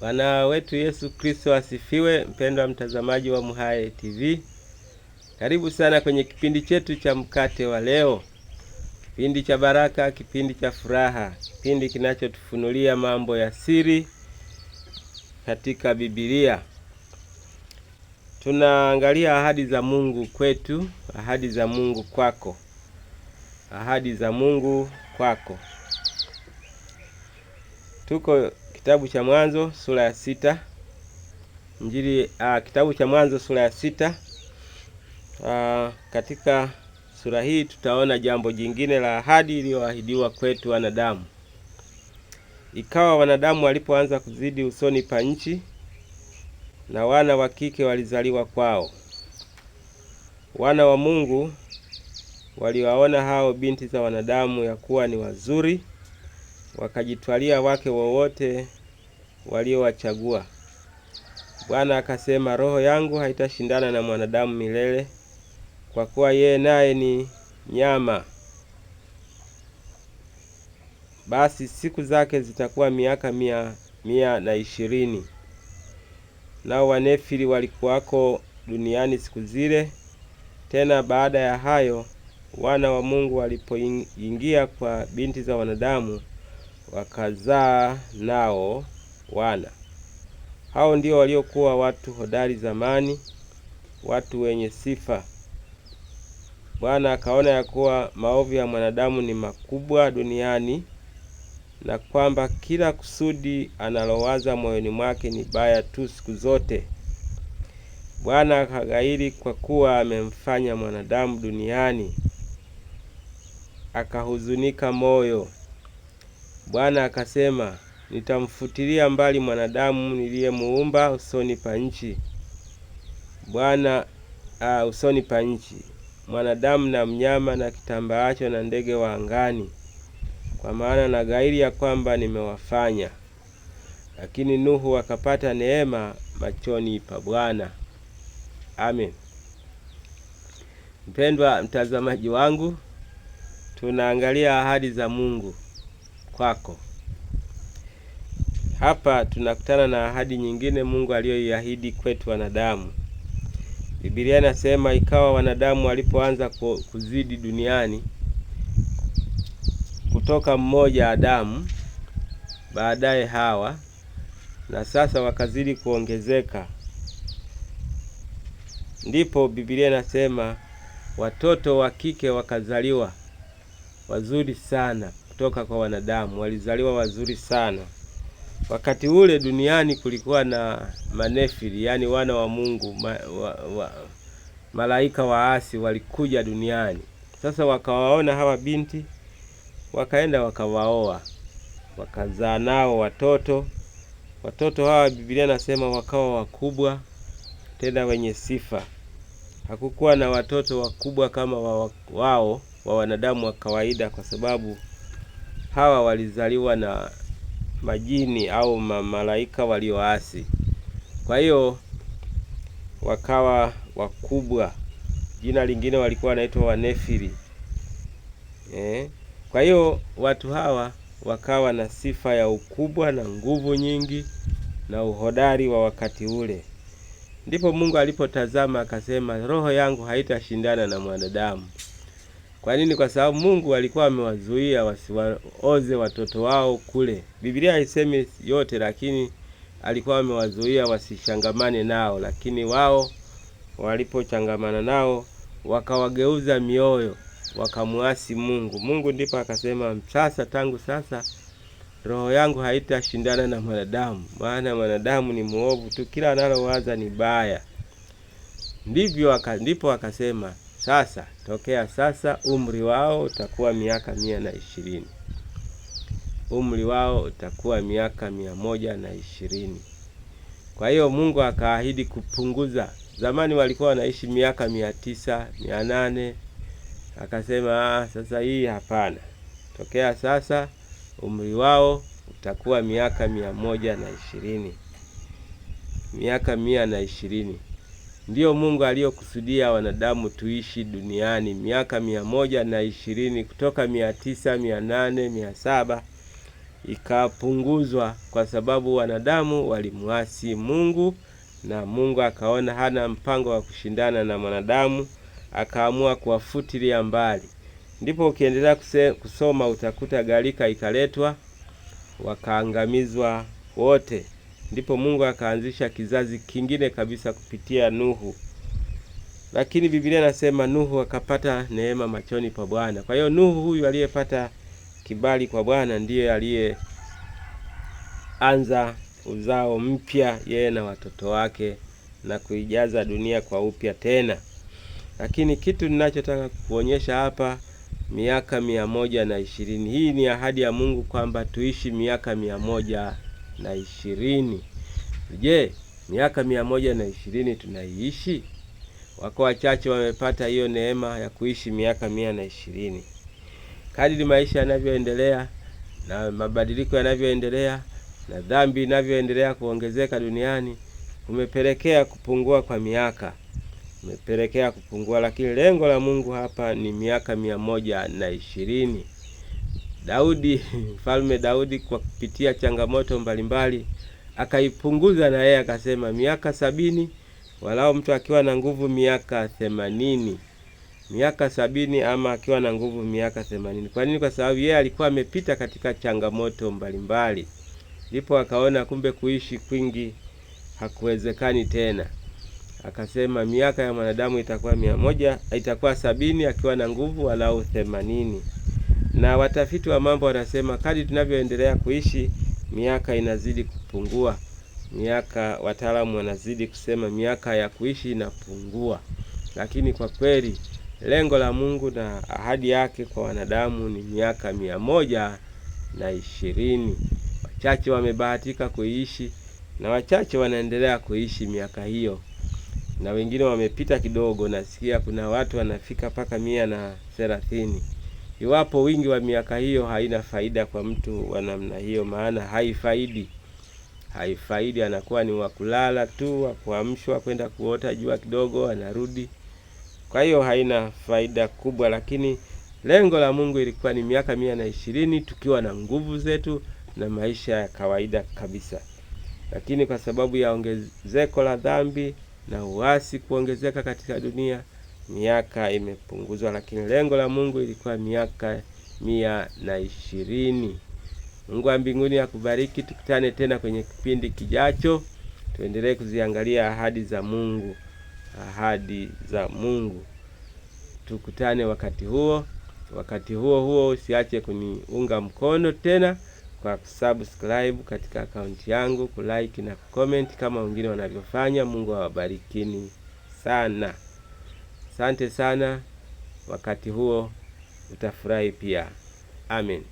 Bwana wetu Yesu Kristo asifiwe. Mpendwa mtazamaji wa MHAE TV, karibu sana kwenye kipindi chetu cha mkate wa leo, kipindi cha baraka, kipindi cha furaha, kipindi kinachotufunulia mambo ya siri katika Biblia. Tunaangalia ahadi za Mungu kwetu, ahadi za Mungu kwako, ahadi za Mungu kwako. Tuko Kitabu cha Mwanzo sura ya sita njiri a, ah, kitabu cha Mwanzo sura ya sita a, ah, katika sura hii tutaona jambo jingine la ahadi iliyoahidiwa kwetu wanadamu. Ikawa wanadamu walipoanza kuzidi usoni pa nchi, na wana wa kike walizaliwa kwao, wana wa Mungu waliwaona hao binti za wanadamu ya kuwa ni wazuri wakajitwalia wake wowote waliowachagua. Bwana akasema, roho yangu haitashindana na mwanadamu milele, kwa kuwa yeye naye ni nyama. Basi siku zake zitakuwa miaka mia, mia na ishirini. Nao Wanefili walikuwako duniani siku zile. Tena baada ya hayo, wana wa Mungu walipoingia kwa binti za wanadamu wakazaa nao wana. Hao ndio waliokuwa watu hodari zamani, watu wenye sifa. Bwana akaona ya kuwa maovu ya mwanadamu ni makubwa duniani na kwamba kila kusudi analowaza moyoni mwake ni baya tu siku zote. Bwana akaghairi kwa kuwa amemfanya mwanadamu duniani, akahuzunika moyo. Bwana akasema, nitamfutilia mbali mwanadamu niliyemuumba usoni pa nchi. Bwana uh, usoni pa nchi, mwanadamu na mnyama na kitambaacho na ndege wa angani, kwa maana na ghairi ya kwamba nimewafanya. Lakini Nuhu akapata neema machoni pa Bwana. Amen. Mpendwa mtazamaji wangu, tunaangalia ahadi za Mungu kwako. Hapa tunakutana na ahadi nyingine Mungu aliyoiahidi kwetu wanadamu. Biblia inasema ikawa wanadamu walipoanza kuzidi duniani kutoka mmoja Adamu, baadaye Hawa, na sasa wakazidi kuongezeka, ndipo Biblia inasema watoto wa kike wakazaliwa wazuri sana kutoka kwa wanadamu. Walizaliwa wazuri sana. Wakati ule duniani kulikuwa na manefili, yaani wana wa Mungu ma, wa, wa, malaika waasi walikuja duniani. Sasa wakawaona hawa binti, wakaenda wakawaoa, wakazaa nao watoto. Watoto hawa Biblia nasema wakawa wakubwa tena wenye sifa. Hakukuwa na watoto wakubwa kama wao wa wanadamu wa kawaida, kwa sababu hawa walizaliwa na majini au malaika walioasi, kwa hiyo wakawa wakubwa. Jina lingine walikuwa wanaitwa Wanefili eh. Kwa hiyo watu hawa wakawa na sifa ya ukubwa na nguvu nyingi na uhodari wa wakati ule. Ndipo Mungu alipotazama akasema, roho yangu haitashindana na mwanadamu. Kwa nini? Kwa sababu Mungu alikuwa amewazuia wasiwaoze watoto wao kule. Biblia haisemi yote, lakini alikuwa amewazuia wasichangamane nao, lakini wao walipochangamana nao wakawageuza mioyo, wakamwasi Mungu. Mungu ndipo akasema, sasa tangu sasa roho yangu haitashindana na mwanadamu, maana mwanadamu ni mwovu tu, kila analowaza ni baya. Ndivyo ndipo akasema sasa tokea sasa umri wao utakuwa miaka mia na ishirini umri wao utakuwa miaka mia moja na ishirini. Kwa hiyo Mungu akaahidi kupunguza. Zamani walikuwa wanaishi miaka mia tisa mia nane akasema ah, sasa hii hapana, tokea sasa umri wao utakuwa miaka mia moja na ishirini miaka mia na ishirini. Ndiyo Mungu aliyokusudia wanadamu tuishi duniani miaka mia moja na ishirini kutoka mia tisa mia nane mia saba ikapunguzwa kwa sababu wanadamu walimwasi Mungu na Mungu akaona hana mpango wa kushindana na mwanadamu, akaamua kuwafutilia mbali. Ndipo ukiendelea kusoma utakuta gharika ikaletwa, wakaangamizwa wote ndipo Mungu akaanzisha kizazi kingine kabisa kupitia Nuhu. Lakini Biblia nasema Nuhu akapata neema machoni pa Bwana. Kwa hiyo Nuhu huyu aliyepata kibali kwa Bwana ndiye aliyeanza uzao mpya yeye na watoto wake na kuijaza dunia kwa upya tena. Lakini kitu ninachotaka kuonyesha hapa miaka mia moja na ishirini. Hii ni ahadi ya Mungu kwamba tuishi miaka mia moja na ishirini. Je, miaka mia moja na ishirini tunaiishi? Wako wachache wamepata hiyo neema ya kuishi miaka mia na ishirini. Kadiri maisha yanavyoendelea na mabadiliko yanavyoendelea na dhambi inavyoendelea kuongezeka duniani kumepelekea kupungua kwa miaka, umepelekea kupungua, lakini lengo la Mungu hapa ni miaka mia moja na ishirini. Daudi, mfalme Daudi kwa kupitia changamoto mbalimbali akaipunguza na yeye akasema miaka sabini, walao mtu akiwa na nguvu miaka themanini, miaka sabini ama akiwa na nguvu miaka themanini. Kwa nini? Kwa sababu yeye alikuwa amepita katika changamoto mbalimbali, ndipo akaona kumbe kuishi kwingi hakuwezekani tena, akasema miaka ya mwanadamu itakuwa mia moja, itakuwa sabini akiwa na nguvu, walau themanini na watafiti wa mambo wanasema kadri tunavyoendelea kuishi miaka inazidi kupungua. Miaka wataalamu wanazidi kusema miaka ya kuishi inapungua, lakini kwa kweli lengo la Mungu na ahadi yake kwa wanadamu ni miaka mia moja na ishirini. Wachache wamebahatika kuishi na wachache wanaendelea kuishi miaka hiyo, na wengine wamepita kidogo. Nasikia kuna watu wanafika mpaka mia na thelathini iwapo wingi wa miaka hiyo haina faida kwa mtu wa namna hiyo, maana haifaidi haifaidi, anakuwa ni wakulala tu, wakuamshwa kwenda kuota jua kidogo, anarudi. Kwa hiyo haina faida kubwa, lakini lengo la Mungu ilikuwa ni miaka mia na ishirini tukiwa na nguvu zetu na maisha ya kawaida kabisa, lakini kwa sababu ya ongezeko la dhambi na uasi kuongezeka katika dunia miaka imepunguzwa, lakini lengo la Mungu ilikuwa miaka mia na ishirini. Mungu wa mbinguni akubariki. Tukutane tena kwenye kipindi kijacho, tuendelee kuziangalia ahadi za Mungu, ahadi za Mungu. Tukutane wakati huo. Wakati huo huo, usiache kuniunga mkono tena kwa kusubscribe katika akaunti yangu, kulike na kucomment kama wengine wanavyofanya. Mungu awabarikini sana. Asante sana, wakati huo utafurahi pia. Amen.